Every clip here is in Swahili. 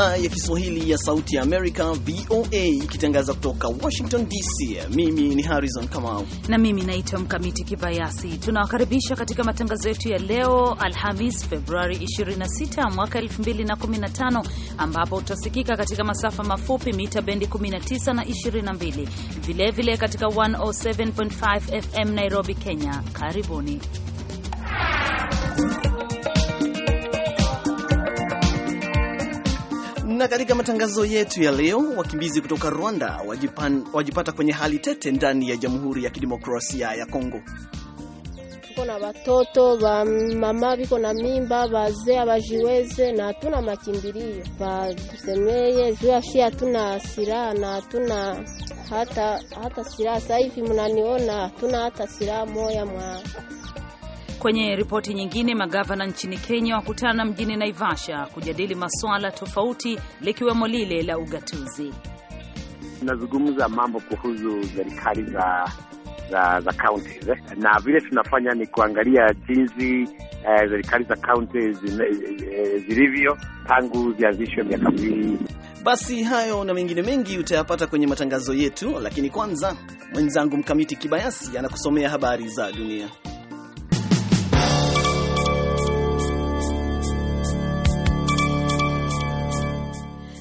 idhaa ya Kiswahili ya Sauti ya Amerika, VOA, ikitangaza kutoka Washington DC. Mimi ni Harrison Kamau na mimi naitwa Mkamiti Kibayasi. Tunawakaribisha katika matangazo yetu ya leo Alhamis, Februari 26 mwaka 2015, ambapo utasikika katika masafa mafupi mita bendi 19 na 22, vilevile vile katika 107.5 FM Nairobi, Kenya. Karibuni. Na katika matangazo yetu ya leo, wakimbizi kutoka Rwanda wajipan, wajipata kwenye hali tete ndani ya Jamhuri ya Kidemokrasia ya Kongo. Tuko na watoto wa mama viko na mimba, wazee hawajiweze, na hatuna makimbilio watusemeye juu ashi, hatuna silaha na hatuna hata hata silaha. Sasa hivi mnaniona, hatuna hata silaha moya mwa Kwenye ripoti nyingine, magavana nchini Kenya wakutana mjini Naivasha kujadili masuala tofauti likiwemo lile la ugatuzi. Tunazungumza mambo kuhusu serikali za za za kaunti eh, na vile tunafanya ni kuangalia jinsi eh, serikali eh, za eh, kaunti zilivyo tangu zianzishwe miaka miwili. Basi hayo na mengine mengi utayapata kwenye matangazo yetu, lakini kwanza mwenzangu Mkamiti Kibayasi anakusomea habari za dunia.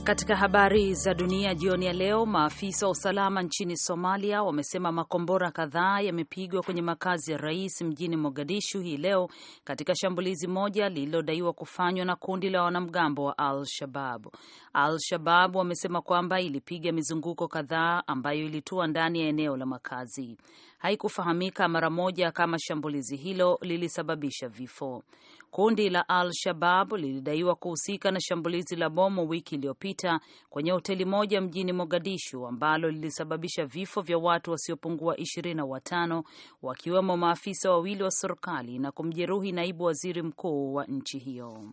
Katika habari za dunia jioni ya leo, maafisa wa usalama nchini Somalia wamesema makombora kadhaa yamepigwa kwenye makazi ya rais mjini Mogadishu hii leo katika shambulizi moja lililodaiwa kufanywa na kundi la wanamgambo wa Al-Shabab. Al-Shabab wamesema kwamba ilipiga mizunguko kadhaa ambayo ilitua ndani ya eneo la makazi haikufahamika mara moja kama shambulizi hilo lilisababisha vifo. Kundi la Al-Shabab lilidaiwa kuhusika na shambulizi la bomu wiki iliyopita kwenye hoteli moja mjini Mogadishu ambalo lilisababisha vifo vya watu wasiopungua ishirini na watano wakiwemo maafisa wawili wa serikali na kumjeruhi naibu waziri mkuu wa nchi hiyo.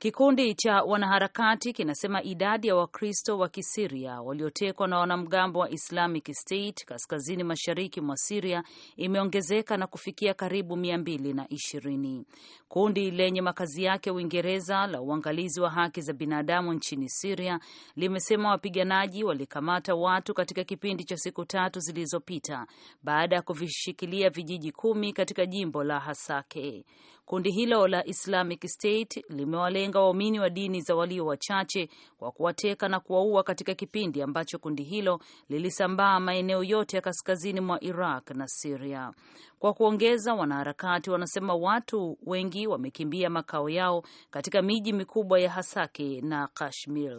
Kikundi cha wanaharakati kinasema idadi ya Wakristo wa Kisiria waliotekwa na wanamgambo wa Islamic State kaskazini mashariki mwa Siria imeongezeka na kufikia karibu mia mbili na ishirini. Kundi lenye makazi yake Uingereza la uangalizi wa haki za binadamu nchini Siria limesema wapiganaji walikamata watu katika kipindi cha siku tatu zilizopita baada ya kuvishikilia vijiji kumi katika jimbo la Hasake. Kundi hilo la Islamic State limewalenga waumini wa dini za walio wachache kwa kuwateka na kuwaua katika kipindi ambacho kundi hilo lilisambaa maeneo yote ya kaskazini mwa Iraq na Siria. Kwa kuongeza, wanaharakati wanasema watu wengi wamekimbia makao yao katika miji mikubwa ya Hasaki na Kashmir.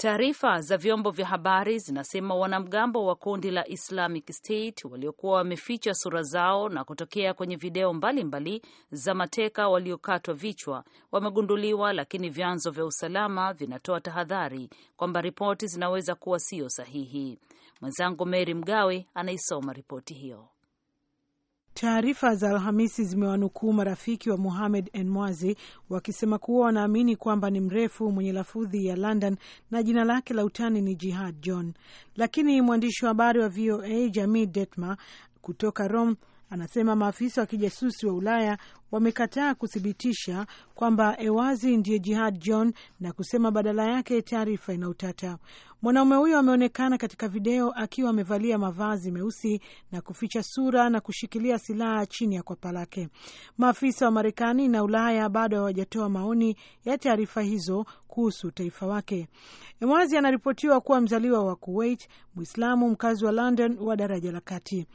Taarifa za vyombo vya habari zinasema wanamgambo wa kundi la Islamic State waliokuwa wameficha sura zao na kutokea kwenye video mbalimbali za mateka waliokatwa vichwa wamegunduliwa, lakini vyanzo vya usalama vinatoa tahadhari kwamba ripoti zinaweza kuwa sio sahihi. Mwenzangu Mary Mgawe anaisoma ripoti hiyo. Taarifa za Alhamisi zimewanukuu marafiki wa Muhamed Enmwazi wakisema kuwa wanaamini kwamba ni mrefu mwenye lafudhi ya London na jina lake la utani ni Jihad John, lakini mwandishi wa habari wa VOA Jamie detma kutoka Rome anasema maafisa wa kijasusi wa Ulaya wamekataa kuthibitisha kwamba Ewazi ndiye Jihad John na kusema badala yake taarifa ina utata. Mwanaume huyo ameonekana katika video akiwa amevalia mavazi meusi na kuficha sura na kushikilia silaha chini ya kwapa lake. Maafisa wa Marekani na Ulaya bado hawajatoa maoni ya taarifa hizo kuhusu taifa wake. Ewazi anaripotiwa kuwa mzaliwa wa Kuwait, Mwislamu, mkazi wa London wa daraja la kati.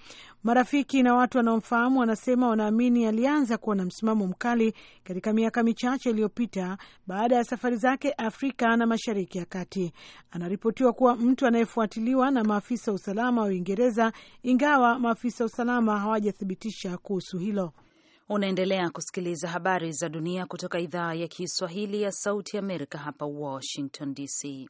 Marafiki na watu wanaomfahamu wanasema wanaamini alianza kuona na msimamo mkali katika miaka michache iliyopita baada ya safari zake Afrika na Mashariki ya Kati. Anaripotiwa kuwa mtu anayefuatiliwa na maafisa wa usalama wa Uingereza, ingawa maafisa wa usalama hawajathibitisha kuhusu hilo. Unaendelea kusikiliza habari za dunia kutoka idhaa ya Kiswahili ya Sauti Amerika hapa Washington DC.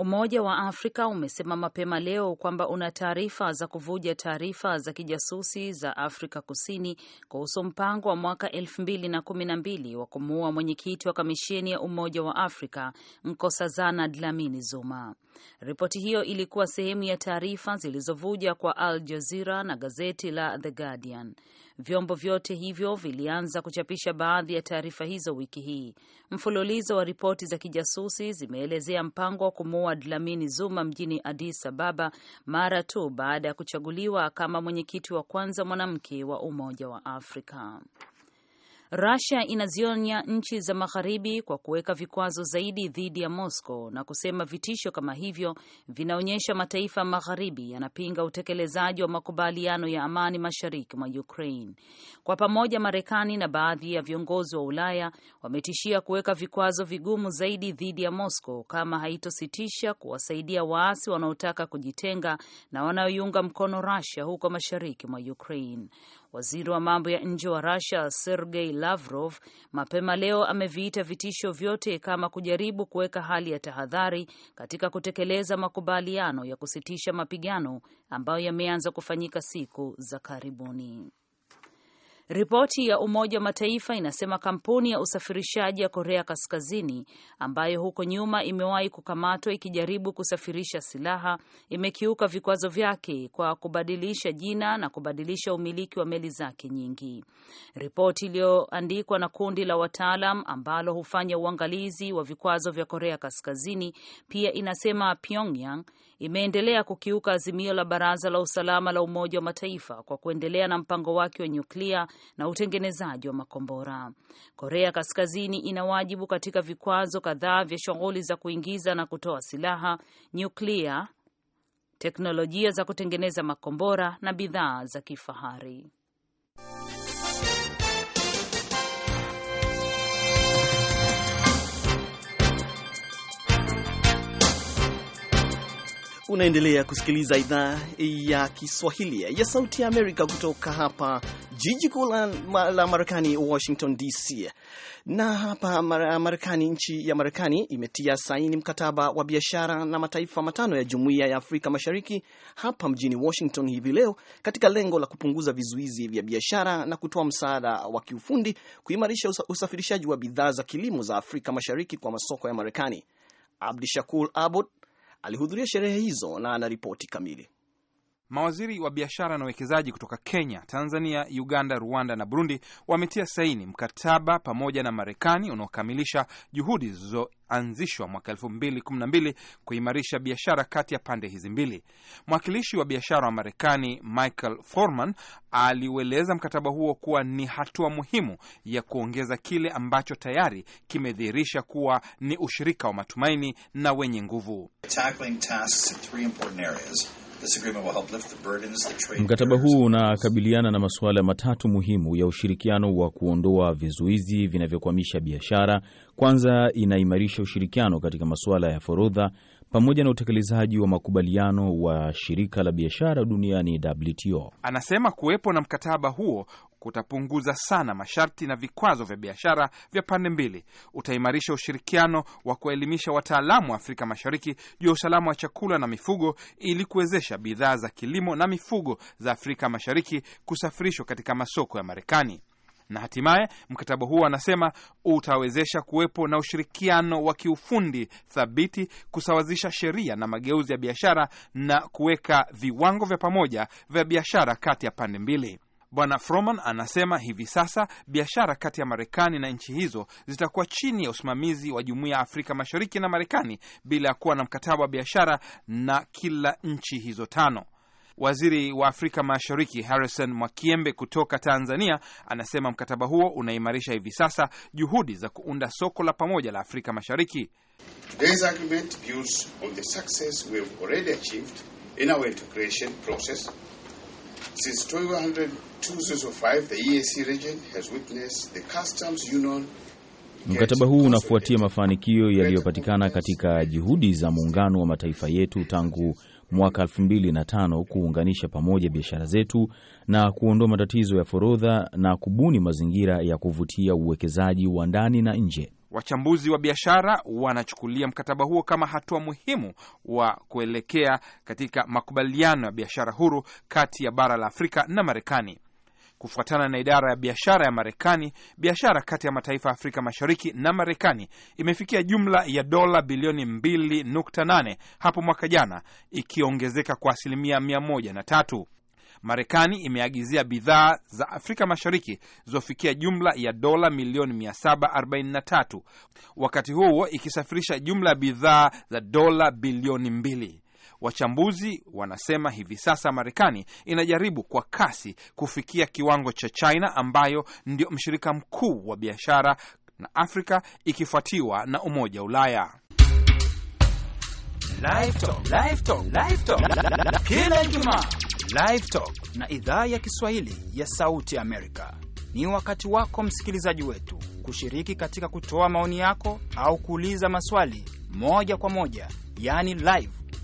Umoja wa Afrika umesema mapema leo kwamba una taarifa za kuvuja taarifa za kijasusi za Afrika Kusini kuhusu mpango wa mwaka elfu mbili na kumi na mbili wa kumuua mwenyekiti wa kamisheni ya Umoja wa Afrika Nkosazana Dlamini Zuma. Ripoti hiyo ilikuwa sehemu ya taarifa zilizovuja kwa Al Jazeera na gazeti la The Guardian. Vyombo vyote hivyo vilianza kuchapisha baadhi ya taarifa hizo wiki hii. Mfululizo wa ripoti za kijasusi zimeelezea mpango wa kumuua Dlamini Zuma mjini Addis Ababa mara tu baada ya kuchaguliwa kama mwenyekiti wa kwanza mwanamke wa Umoja wa Afrika. Russia inazionya nchi za magharibi kwa kuweka vikwazo zaidi dhidi ya Moscow na kusema vitisho kama hivyo vinaonyesha mataifa magharibi yanapinga utekelezaji wa makubaliano ya amani mashariki mwa Ukraine. Kwa pamoja, Marekani na baadhi ya viongozi wa Ulaya wametishia kuweka vikwazo vigumu zaidi dhidi ya Moscow kama haitositisha kuwasaidia waasi wanaotaka kujitenga na wanaoiunga mkono Russia huko mashariki mwa Ukraine. Waziri wa mambo ya nje wa Russia Sergei Lavrov mapema leo ameviita vitisho vyote kama kujaribu kuweka hali ya tahadhari katika kutekeleza makubaliano ya kusitisha mapigano ambayo yameanza kufanyika siku za karibuni. Ripoti ya Umoja wa Mataifa inasema kampuni ya usafirishaji ya Korea Kaskazini ambayo huko nyuma imewahi kukamatwa ikijaribu kusafirisha silaha imekiuka vikwazo vyake kwa kubadilisha jina na kubadilisha umiliki wa meli zake nyingi. Ripoti iliyoandikwa na kundi la wataalam ambalo hufanya uangalizi wa vikwazo vya Korea Kaskazini pia inasema Pyongyang imeendelea kukiuka azimio la Baraza la Usalama la Umoja wa Mataifa kwa kuendelea na mpango wake wa nyuklia na utengenezaji wa makombora. Korea Kaskazini ina wajibu katika vikwazo kadhaa vya shughuli za kuingiza na kutoa silaha, nyuklia, teknolojia za kutengeneza makombora na bidhaa za kifahari. Unaendelea kusikiliza idhaa ya Kiswahili ya Sauti ya Amerika kutoka hapa jiji kuu la Marekani, Washington DC. Na hapa Marekani, nchi ya Marekani imetia saini mkataba wa biashara na mataifa matano ya Jumuiya ya Afrika Mashariki hapa mjini Washington hivi leo, katika lengo la kupunguza vizuizi vya biashara na kutoa msaada wa kiufundi kuimarisha usafirishaji wa bidhaa za kilimo za Afrika Mashariki kwa masoko ya Marekani. Abdishakur Abud Alihudhuria sherehe hizo na anaripoti kamili. Mawaziri wa biashara na uwekezaji kutoka Kenya, Tanzania, Uganda, Rwanda na Burundi wametia saini mkataba pamoja na Marekani unaokamilisha juhudi zilizoanzishwa mwaka mbili kuimarisha biashara kati ya pande hizi mbili. Mwakilishi wa biashara wa Marekani Michael Forman aliueleza mkataba huo kuwa ni hatua muhimu ya kuongeza kile ambacho tayari kimedhihirisha kuwa ni ushirika wa matumaini na wenye nguvu. Mkataba huu unakabiliana na masuala matatu muhimu ya ushirikiano wa kuondoa vizuizi vinavyokwamisha biashara. Kwanza, inaimarisha ushirikiano katika masuala ya forodha pamoja na utekelezaji wa makubaliano wa shirika la biashara duniani WTO. Anasema kuwepo na mkataba huo kutapunguza sana masharti na vikwazo vya biashara vya pande mbili, utaimarisha ushirikiano wa kuwaelimisha wataalamu wa Afrika Mashariki juu ya usalama wa chakula na mifugo ili kuwezesha bidhaa za kilimo na mifugo za Afrika Mashariki kusafirishwa katika masoko ya Marekani na hatimaye mkataba huo anasema utawezesha kuwepo na ushirikiano wa kiufundi thabiti, kusawazisha sheria na mageuzi ya biashara na kuweka viwango vya pamoja vya biashara kati ya pande mbili. Bwana Froman anasema hivi sasa biashara kati ya Marekani na nchi hizo zitakuwa chini ya usimamizi wa Jumuiya ya Afrika Mashariki na Marekani bila ya kuwa na mkataba wa biashara na kila nchi hizo tano. Waziri wa Afrika Mashariki Harrison Mwakiembe kutoka Tanzania anasema mkataba huo unaimarisha hivi sasa juhudi za kuunda soko la pamoja la Afrika Mashariki. Mkataba huu unafuatia mafanikio yaliyopatikana katika juhudi za muungano wa mataifa yetu tangu mwaka 2005 kuunganisha pamoja biashara zetu na kuondoa matatizo ya forodha na kubuni mazingira ya kuvutia uwekezaji wa ndani na nje. Wachambuzi wa biashara wanachukulia mkataba huo kama hatua muhimu wa kuelekea katika makubaliano ya biashara huru kati ya bara la Afrika na Marekani. Kufuatana na idara ya biashara ya Marekani, biashara kati ya mataifa ya Afrika Mashariki na Marekani imefikia jumla ya dola bilioni 2.8 hapo mwaka jana, ikiongezeka kwa asilimia 103. Marekani imeagizia bidhaa za Afrika Mashariki zilizofikia jumla ya dola milioni 743, wakati huo ikisafirisha jumla ya bidhaa za dola bilioni mbili. Wachambuzi wanasema hivi sasa Marekani inajaribu kwa kasi kufikia kiwango cha China ambayo ndio mshirika mkuu wa biashara na Afrika ikifuatiwa na Umoja wa Ulaya. Kila Ijumaa Live Talk na idhaa ya Kiswahili ya Sauti Amerika ni wakati wako msikilizaji wetu kushiriki katika kutoa maoni yako au kuuliza maswali moja kwa moja, yani live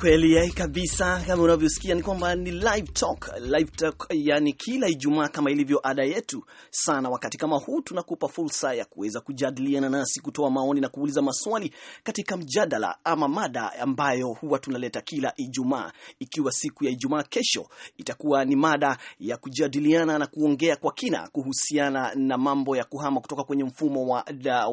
Kweli eh, kabisa, kama unavyosikia ni kwamba ni live talk. Live talk yani kila Ijumaa kama ilivyo ada yetu sana, wakati kama huu tunakupa fursa ya kuweza kujadiliana nasi, kutoa maoni na kuuliza maswali katika mjadala ama mada ambayo huwa tunaleta kila Ijumaa. Ikiwa siku ya Ijumaa kesho itakuwa ni mada ya kujadiliana na kuongea kwa kina kuhusiana na mambo ya kuhama kutoka kwenye mfumo wa,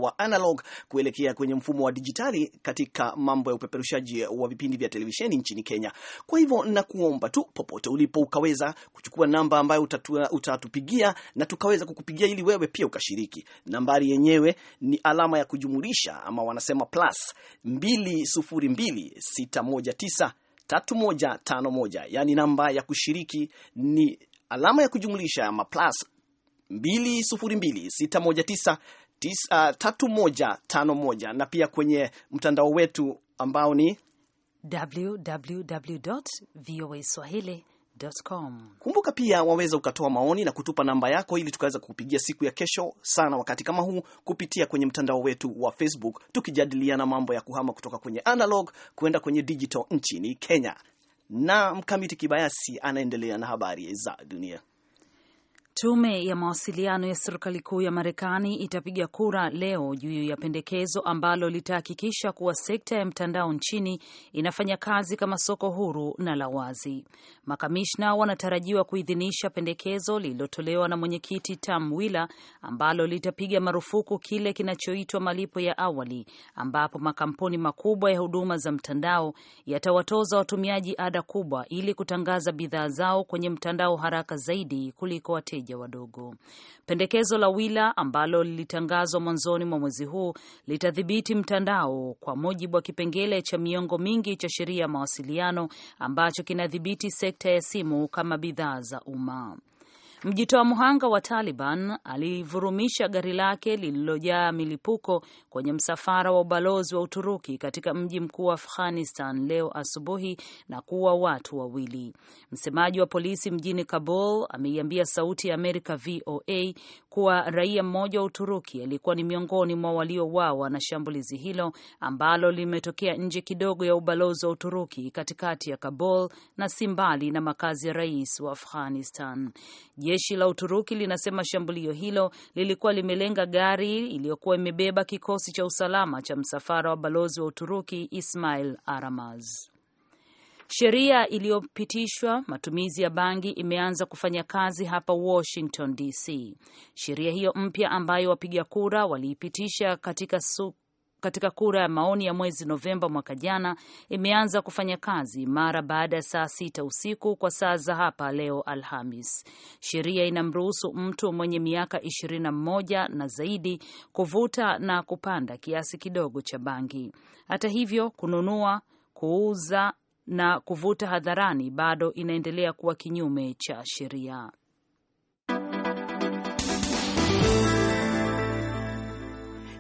wa analog kuelekea kwenye mfumo wa dijitali katika mambo ya upeperushaji wa vipindi vya televisheni televisheni nchini Kenya. Kwa hivyo nakuomba tu popote ulipo ukaweza kuchukua namba ambayo utatua, utatupigia na tukaweza kukupigia ili wewe pia ukashiriki. Nambari yenyewe ni alama ya kujumulisha ama wanasema plus 202619 3151 yaani, namba ya kushiriki ni alama ya kujumlisha ama plus 202619 uh, na pia kwenye mtandao wetu ambao ni Kumbuka pia waweza ukatoa maoni na kutupa namba yako ili tukaweza kukupigia siku ya kesho sana wakati kama huu kupitia kwenye mtandao wetu wa Facebook tukijadiliana mambo ya kuhama kutoka kwenye analog kwenda kwenye digital nchini Kenya. Na Mkamiti Kibayasi anaendelea na habari za dunia. Tume ya mawasiliano ya serikali kuu ya Marekani itapiga kura leo juu ya pendekezo ambalo litahakikisha kuwa sekta ya mtandao nchini inafanya kazi kama soko huru na la wazi. Makamishna wanatarajiwa kuidhinisha pendekezo lililotolewa na mwenyekiti Tom Wheeler ambalo litapiga marufuku kile kinachoitwa malipo ya awali, ambapo makampuni makubwa ya huduma za mtandao yatawatoza watumiaji ada kubwa ili kutangaza bidhaa zao kwenye mtandao haraka zaidi kuliko wateja wateja wadogo. Pendekezo la Wila ambalo lilitangazwa mwanzoni mwa mwezi huu litadhibiti mtandao kwa mujibu wa kipengele cha miongo mingi cha sheria ya mawasiliano ambacho kinadhibiti sekta ya simu kama bidhaa za umma. Mjitoa mhanga wa Taliban alivurumisha gari lake lililojaa milipuko kwenye msafara wa ubalozi wa Uturuki katika mji mkuu wa Afghanistan leo asubuhi na kuua watu wawili. Msemaji wa polisi mjini Kabul ameiambia Sauti ya Amerika VOA kuwa raia mmoja wa Uturuki alikuwa ni miongoni mwa waliouawa na shambulizi hilo ambalo limetokea nje kidogo ya ubalozi wa Uturuki katikati ya Kabul na si mbali na makazi ya rais wa Afghanistan. Je, Jeshi la Uturuki linasema shambulio hilo lilikuwa limelenga gari iliyokuwa imebeba kikosi cha usalama cha msafara wa balozi wa Uturuki Ismail Aramaz. Sheria iliyopitishwa matumizi ya bangi imeanza kufanya kazi hapa Washington DC. Sheria hiyo mpya ambayo wapiga kura waliipitisha katika katika kura ya maoni ya mwezi Novemba mwaka jana imeanza kufanya kazi mara baada ya saa sita usiku kwa saa za hapa leo Alhamis. Sheria inamruhusu mtu mwenye miaka ishirini na mmoja na zaidi kuvuta na kupanda kiasi kidogo cha bangi. Hata hivyo, kununua, kuuza na kuvuta hadharani bado inaendelea kuwa kinyume cha sheria.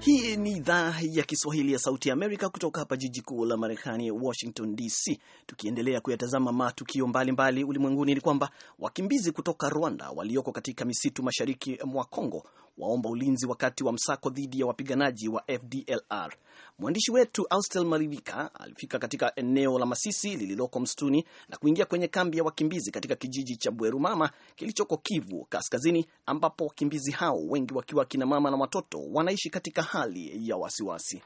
Hii ni idhaa ya Kiswahili ya Sauti ya Amerika kutoka hapa jiji kuu la Marekani, Washington DC. Tukiendelea kuyatazama matukio mbalimbali ulimwenguni, ni kwamba wakimbizi kutoka Rwanda walioko katika misitu mashariki mwa congo waomba ulinzi wakati wa msako dhidi ya wapiganaji wa FDLR. Mwandishi wetu Austel Malivika alifika katika eneo la Masisi lililoko msituni na kuingia kwenye kambi ya wakimbizi katika kijiji cha Bweru Mama kilichoko Kivu Kaskazini, ambapo wakimbizi hao wengi wakiwa akina mama na watoto wanaishi katika hali ya wasiwasi.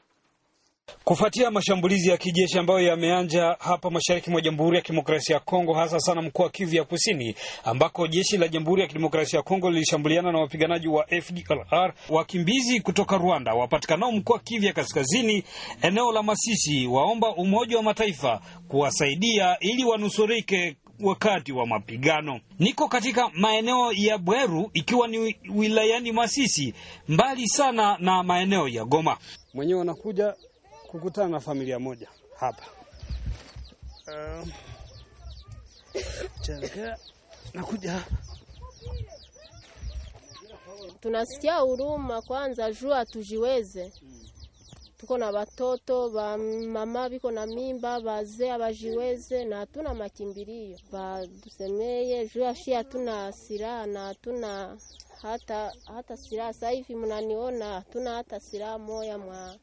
Kufuatia mashambulizi ya kijeshi ambayo yameanza hapa mashariki mwa Jamhuri ya Kidemokrasia ya Kongo, hasa sana mkoa wa Kivu ya Kusini, ambako jeshi la Jamhuri ya Kidemokrasia ya Kongo lilishambuliana na wapiganaji wa FDLR, wakimbizi kutoka Rwanda wapatikanao mkoa wa Kivu ya Kaskazini, eneo la Masisi, waomba Umoja wa Mataifa kuwasaidia ili wanusurike wakati wa mapigano. Niko katika maeneo ya Bweru, ikiwa ni wilayani Masisi, mbali sana na maeneo ya Goma. Mwenyewe wanakuja kukutana na familia moja hapa um, chelekea nakuja tunasikia huruma kwanza, juu hatujiweze. Tuko na watoto ba mama biko na mimba, wazee abajiweze, na hatuna makimbilio. Badusemeye juu ashi, hatuna silaha na hatuna hata hata silaha. Sasa hivi mnaniona, hatuna hata silaha moya mwa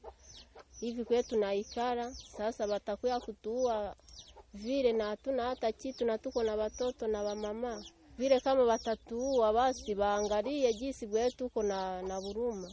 hivi kwetu naikara sasa, watakuya kutuua vile, na hatuna hata kitu, na tuko na watoto na wamama vile. Kama watatuua, basi baangalie jinsi bwetu uko na, na buruma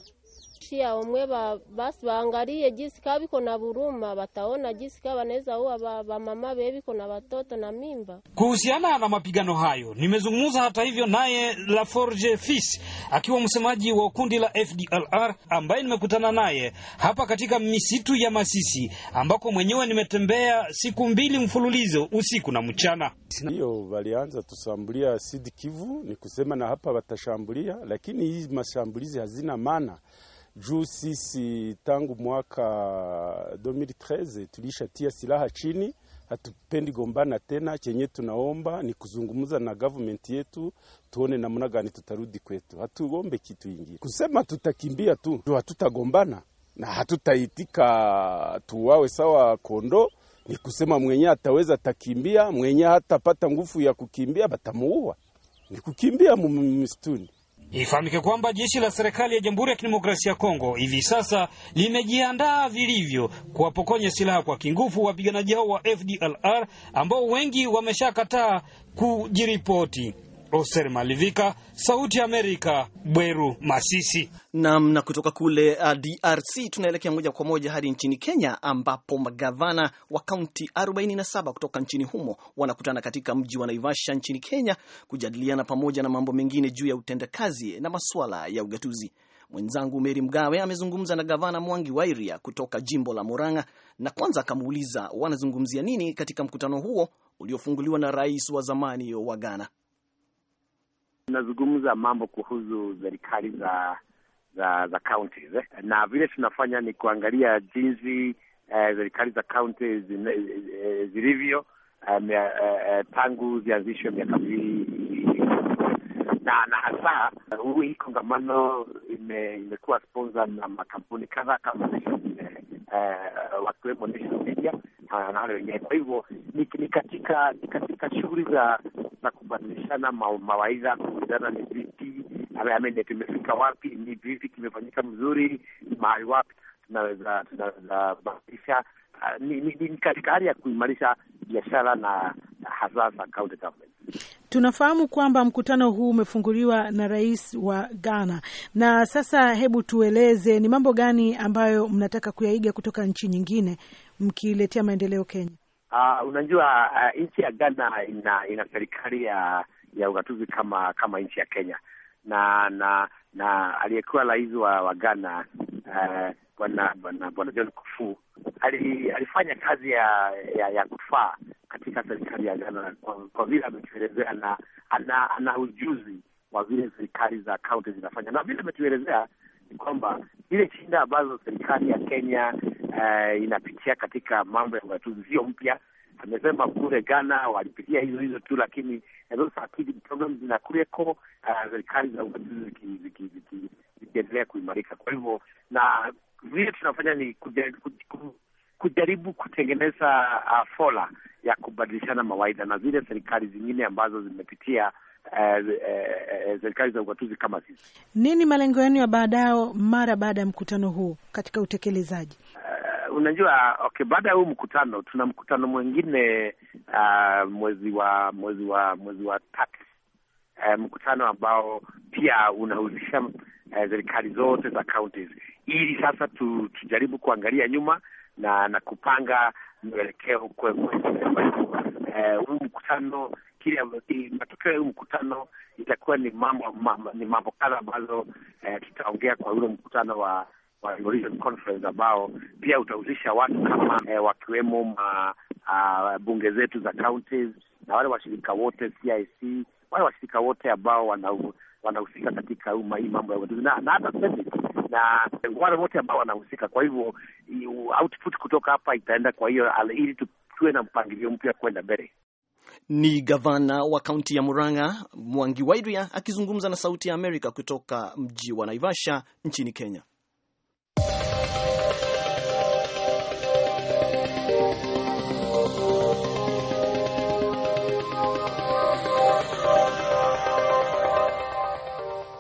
nchi ao mwe ba, basi baangalie ka biko na buruma bataona gisi ka banaweza uwa ba, ba mama be biko na batoto na mimba. Kuhusiana na mapigano hayo nimezungumza hata hivyo naye La Forge Fils akiwa msemaji wa kundi la FDLR ambaye nimekutana naye hapa katika misitu ya Masisi ambako mwenyewe nimetembea siku mbili mfululizo usiku na mchana. Hiyo walianza tusambulia Sud Kivu, ni kusema na hapa watashambulia, lakini hizi mashambulizi hazina maana juu sisi tangu mwaka 2013 tulishatia silaha chini, hatupendi gombana tena. Chenye tunaomba ni kuzungumza na government yetu, tuone namna gani tutarudi kwetu. Hatuombe kitu ingine, kusema tutakimbia tu, hatutagombana na hatutaitika tuwawe sawa kondo. Ni kusema mwenye ataweza takimbia, mwenye hatapata nguvu ya kukimbia batamuua, ni kukimbia mumistuni. Ifahamike kwamba jeshi la serikali ya Jamhuri ya Kidemokrasia ya Kongo hivi sasa limejiandaa vilivyo kuwapokonya silaha kwa kingufu wapiganaji hao wa FDLR ambao wengi wameshakataa kujiripoti. Oser Malivika, Sauti ya Amerika, Bweru, Masisi. Naam, na kutoka kule uh, DRC tunaelekea moja kwa moja hadi nchini Kenya ambapo magavana wa kaunti 47 kutoka nchini humo wanakutana katika mji wa Naivasha nchini Kenya kujadiliana pamoja na mambo mengine juu ya utendakazi na masuala ya ugatuzi. Mwenzangu Meri Mgawe amezungumza na gavana Mwangi Wairia kutoka jimbo la Murang'a na kwanza akamuuliza wanazungumzia nini katika mkutano huo uliofunguliwa na rais wa zamani wa Ghana tunazungumza mambo kuhusu serikali za za za counties eh, na vile tunafanya ni kuangalia jinsi eh, serikali eh, za kaunti zilivyo eh, eh, eh, tangu zianzishwe miaka miwili na na hasa hii kongamano imekuwa sponsa na makampuni kadhaa kama eh, wakiwemo National Media na wale wenyewe. Kwa hivyo ni katika katika shughuli za za kubadilishana mawaidha, kuulizana ni vipi tumefika wapi, ni vipi kimefanyika mzuri, mahali wapi tunaweza tunaweza badilisha Ah, ni, ni, ni katika hali ya kuimarisha biashara na hasa za county government. Tunafahamu kwamba mkutano huu umefunguliwa na rais wa Ghana, na sasa hebu tueleze ni mambo gani ambayo mnataka kuyaiga kutoka nchi nyingine mkiletea maendeleo Kenya? Uh, unajua uh, nchi ya Ghana ina, ina serikali ya ya ugatuzi kama kama nchi ya Kenya na na na aliyekuwa rais wa, wa Ghana Eh, bwana bwana bwana John Kufu ali, alifanya kazi ya ya, ya kufaa katika serikali ya Ghana kwa vile ametuelezea na ana, ana ujuzi wa vile serikali za kaunti zinafanya, na vile ametuelezea ni kwamba ile shinda ambazo serikali ya Kenya uh, inapitia katika mambo ya ugatuzi sio mpya amesema kule Ghana walipitia hizo hizo tu, lakini problem zinakuweko, uh, serikali za ugatuzi zikiendelea kuimarika. Kwa hivyo na vile tunafanya ni kujaribu, kutengeneza uh, fola ya kubadilishana mawaidha na zile serikali zingine ambazo zimepitia uh, uh, uh, serikali za ugatuzi kama sisi. Nini malengo yenu ya baadao mara baada ya mkutano huu katika utekelezaji? Uh, unajua okay, baada ya huu mkutano tuna mkutano mwingine uh, mwezi wa mwezi wa mwezi wa tatu uh, mkutano ambao pia unahusisha uh, serikali uh, zote za counties, ili sasa tu, tujaribu kuangalia nyuma na na kupanga mwelekeo uh, huu mkutano kile matokeo ya huu mkutano itakuwa ni mambo, ni mambo kadha ambazo uh, tutaongea kwa ule mkutano wa wa Conference ambao pia utahusisha watu kama eh, wakiwemo ma, uh, bunge zetu za counties na wale washirika wote CIC, wale washirika wote ambao wanahusika katika hii mambo ya ugatuzi na hata na wale wote ambao wanahusika. Kwa hivyo output kutoka hapa itaenda, kwa hiyo ili tuwe na mpangilio mpya kwenda mbele. Ni gavana wa kaunti ya Murang'a Mwangi Wairia akizungumza na Sauti ya Amerika kutoka mji wa Naivasha nchini Kenya.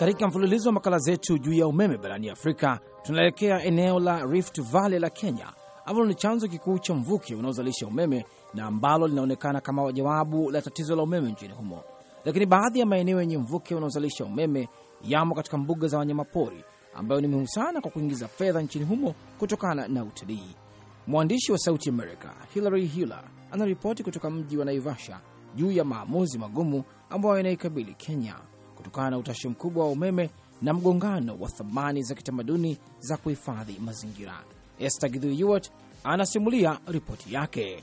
Katika mfululizo wa makala zetu juu ya umeme barani Afrika, tunaelekea eneo la Rift Valley la Kenya ambalo ni chanzo kikuu cha mvuke unaozalisha umeme na ambalo linaonekana kama jawabu la tatizo la umeme nchini humo. Lakini baadhi ya maeneo yenye mvuke unaozalisha umeme yamo katika mbuga za wanyamapori ambayo ni muhimu sana kwa kuingiza fedha nchini humo kutokana na utalii. Mwandishi wa Sauti america Hilary Hiller anaripoti kutoka mji wa Naivasha juu ya maamuzi magumu ambayo yanaikabili Kenya kutokana na utashi mkubwa wa umeme na mgongano wa thamani za kitamaduni za kuhifadhi mazingira. Esther Githui anasimulia ripoti yake.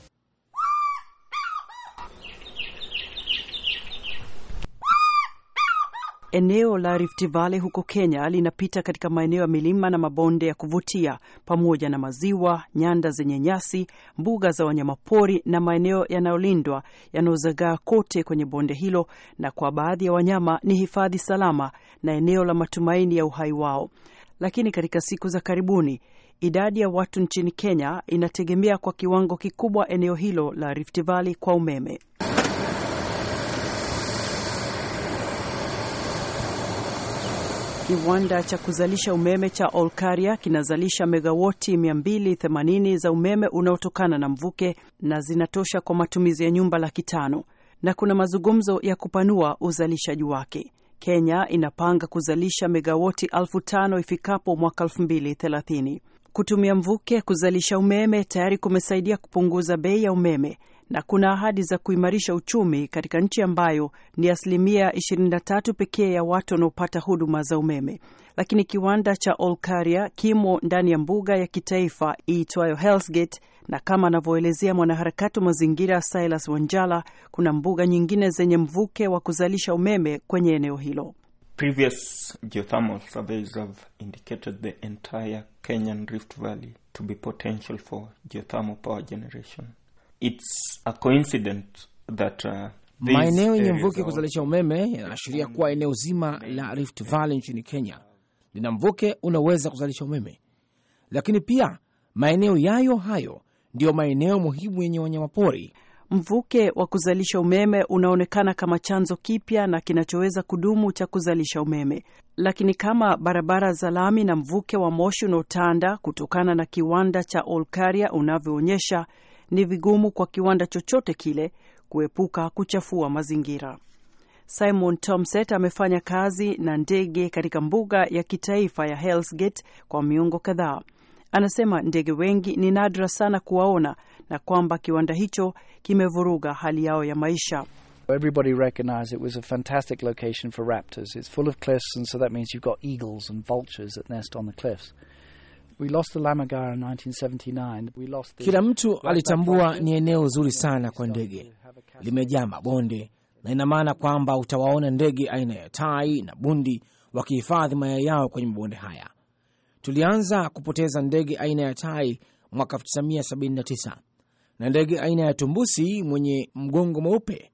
Eneo la Rift Valley huko Kenya linapita katika maeneo ya milima na mabonde ya kuvutia pamoja na maziwa, nyanda zenye nyasi, mbuga za wanyamapori na maeneo yanayolindwa yanayozagaa kote kwenye bonde hilo, na kwa baadhi ya wanyama ni hifadhi salama na eneo la matumaini ya uhai wao. Lakini katika siku za karibuni idadi ya watu nchini Kenya inategemea kwa kiwango kikubwa eneo hilo la Rift Valley kwa umeme. Kiwanda cha kuzalisha umeme cha Olkaria kinazalisha megawati 280 za umeme unaotokana na mvuke na zinatosha kwa matumizi ya nyumba laki tano na kuna mazungumzo ya kupanua uzalishaji wake. Kenya inapanga kuzalisha megawati elfu tano ifikapo mwaka 2030. Kutumia mvuke kuzalisha umeme tayari kumesaidia kupunguza bei ya umeme na kuna ahadi za kuimarisha uchumi katika nchi ambayo ni asilimia 23 pekee ya watu wanaopata huduma za umeme. Lakini kiwanda cha Olkaria kimo ndani ya mbuga ya kitaifa iitwayo Hell's Gate, na kama anavyoelezea mwanaharakati wa mazingira Silas Wanjala, kuna mbuga nyingine zenye mvuke wa kuzalisha umeme kwenye eneo hilo. Previous geothermal surveys have indicated the entire Kenyan Rift Valley to be potential for geothermal power generation it's a coincidence that uh, maeneo yenye mvuke kuzalisha umeme yanaashiria kuwa eneo zima la Rift Valley nchini Kenya lina mvuke unaweza kuzalisha umeme, lakini pia maeneo yayo hayo ndiyo maeneo muhimu yenye wanyamapori. Mvuke wa kuzalisha umeme unaonekana kama chanzo kipya na kinachoweza kudumu cha kuzalisha umeme, lakini kama barabara za lami na mvuke wa moshi unaotanda kutokana na kiwanda cha Olkaria unavyoonyesha ni vigumu kwa kiwanda chochote kile kuepuka kuchafua mazingira. Simon Tomset amefanya kazi na ndege katika mbuga ya kitaifa ya Hell's Gate kwa miongo kadhaa. Anasema ndege wengi ni nadra sana kuwaona na kwamba kiwanda hicho kimevuruga hali yao ya maisha. Everybody recognized it was a fantastic location for raptors. It's full of cliffs and so that means you've got eagles and vultures that nest on the cliffs. We lost the Lamagara in 1979. We lost the... Kila mtu alitambua ni eneo zuri sana kwa ndege, limejaa mabonde na ina maana kwamba utawaona ndege aina ya tai na bundi wakihifadhi mayai yao kwenye mabonde haya. Tulianza kupoteza ndege aina ya tai mwaka 1979 na ndege aina ya tumbusi mwenye mgongo mweupe,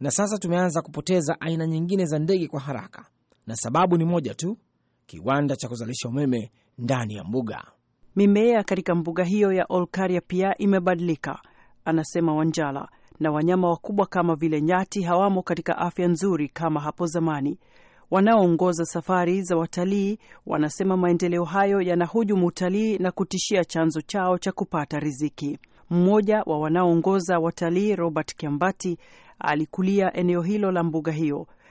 na sasa tumeanza kupoteza aina nyingine za ndege kwa haraka, na sababu ni moja tu, kiwanda cha kuzalisha umeme ndani ya mbuga. Mimea katika mbuga hiyo ya Olkaria pia imebadilika, anasema Wanjala, na wanyama wakubwa kama vile nyati hawamo katika afya nzuri kama hapo zamani. Wanaoongoza safari za watalii wanasema maendeleo hayo yanahujumu utalii na kutishia chanzo chao cha kupata riziki. Mmoja wa wanaoongoza watalii Robert Kiambati alikulia eneo hilo la mbuga hiyo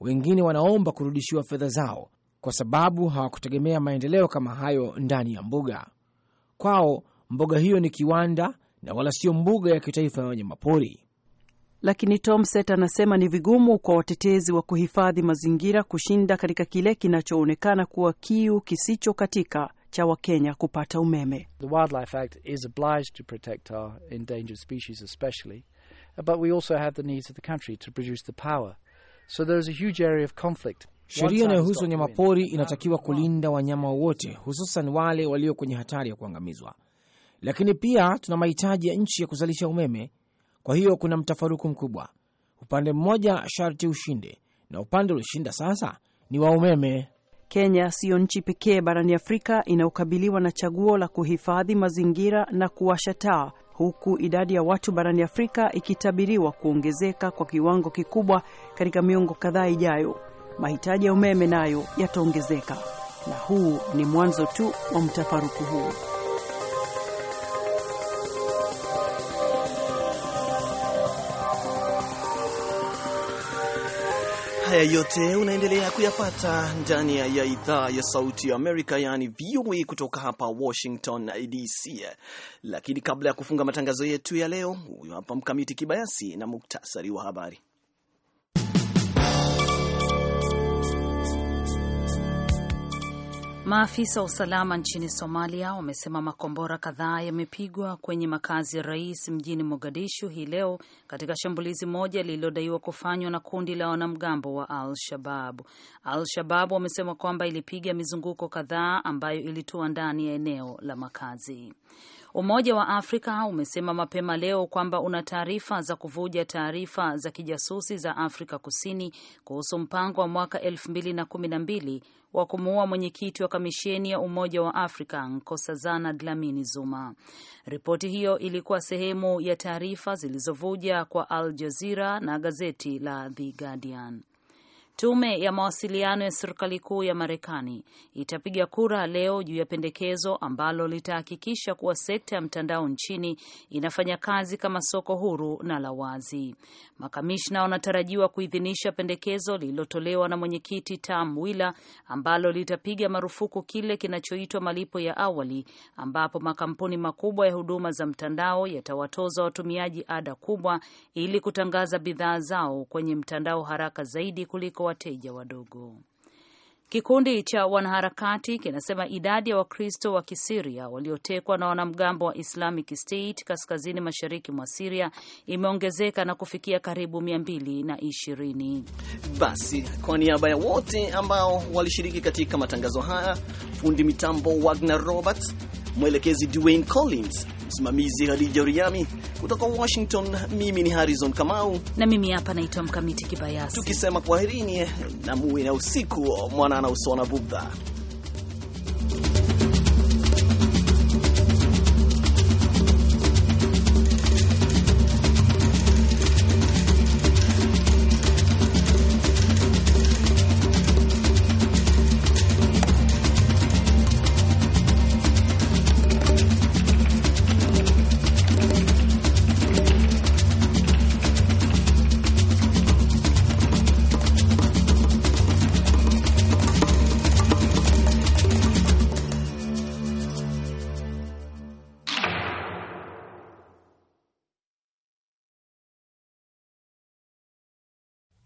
wengine wanaomba kurudishiwa fedha zao kwa sababu hawakutegemea maendeleo kama hayo ndani ya mbuga. Kwao mbuga hiyo ni kiwanda na wala sio mbuga ya kitaifa ya wanyamapori. Lakini Tomset anasema ni vigumu kwa watetezi wa kuhifadhi mazingira kushinda katika kile kinachoonekana kuwa kiu kisicho katika cha Wakenya kupata umeme. The Wildlife Act is obliged to protect our endangered species especially, but we also have the needs of the country to produce the power So is a huge area of conflict. Sheria inayohusu pori inatakiwa kulinda wanyama wote, hususan wale walio kwenye hatari ya kuangamizwa, lakini pia tuna mahitaji ya nchi ya kuzalisha umeme. Kwa hiyo kuna mtafaruku mkubwa. Upande mmoja sharti ushinde, na upande ulioshinda sasa ni wa umeme. Kenya siyo nchi pekee barani Afrika inayokabiliwa na chaguo la kuhifadhi mazingira na kuwasha taa huku idadi ya watu barani Afrika ikitabiriwa kuongezeka kwa kiwango kikubwa katika miongo kadhaa ijayo. Mahitaji ya umeme nayo yataongezeka, na huu ni mwanzo tu wa mtafaruku huo. Haya yote unaendelea kuyapata ndani ya idhaa ya Sauti ya Amerika, yaani VOA, kutoka hapa Washington DC. Lakini kabla ya kufunga matangazo yetu ya leo, huyu hapa Mkamiti Kibayasi na muktasari wa habari. Maafisa wa usalama nchini Somalia wamesema makombora kadhaa yamepigwa kwenye makazi ya rais mjini Mogadishu hii leo katika shambulizi moja lililodaiwa kufanywa na kundi la wanamgambo wa Al-Shabab. Al-Shabab wamesema kwamba ilipiga mizunguko kadhaa ambayo ilitua ndani ya eneo la makazi. Umoja wa Afrika umesema mapema leo kwamba una taarifa za kuvuja taarifa za kijasusi za Afrika Kusini kuhusu mpango wa mwaka elfu mbili na kumi na mbili wa kumuua mwenyekiti wa kamisheni ya Umoja wa Afrika Nkosazana Dlamini Zuma. Ripoti hiyo ilikuwa sehemu ya taarifa zilizovuja kwa Al Jazeera na gazeti la The Guardian. Tume ya mawasiliano ya serikali kuu ya Marekani itapiga kura leo juu ya pendekezo ambalo litahakikisha kuwa sekta ya mtandao nchini inafanya kazi kama soko huru na la wazi. Makamishna wanatarajiwa kuidhinisha pendekezo lililotolewa na mwenyekiti Tam Wila ambalo litapiga marufuku kile kinachoitwa malipo ya awali, ambapo makampuni makubwa ya huduma za mtandao yatawatoza watumiaji ada kubwa ili kutangaza bidhaa zao kwenye mtandao haraka zaidi kuliko kwa wateja wadogo. Kikundi cha wanaharakati kinasema idadi ya Wakristo wa Kisiria waliotekwa na wanamgambo wa Islamic State kaskazini mashariki mwa Siria imeongezeka na kufikia karibu 220. Basi, kwa niaba ya wote ambao walishiriki katika matangazo haya, fundi mitambo Wagner Roberts mwelekezi Dwayne Collins, msimamizi Hadija Riami kutoka Washington. Mimi ni Harrison Kamau na mimi hapa naitwa Mkamiti Kibayasi, tukisema kwaherini na muwe na usiku mwanana usona budha.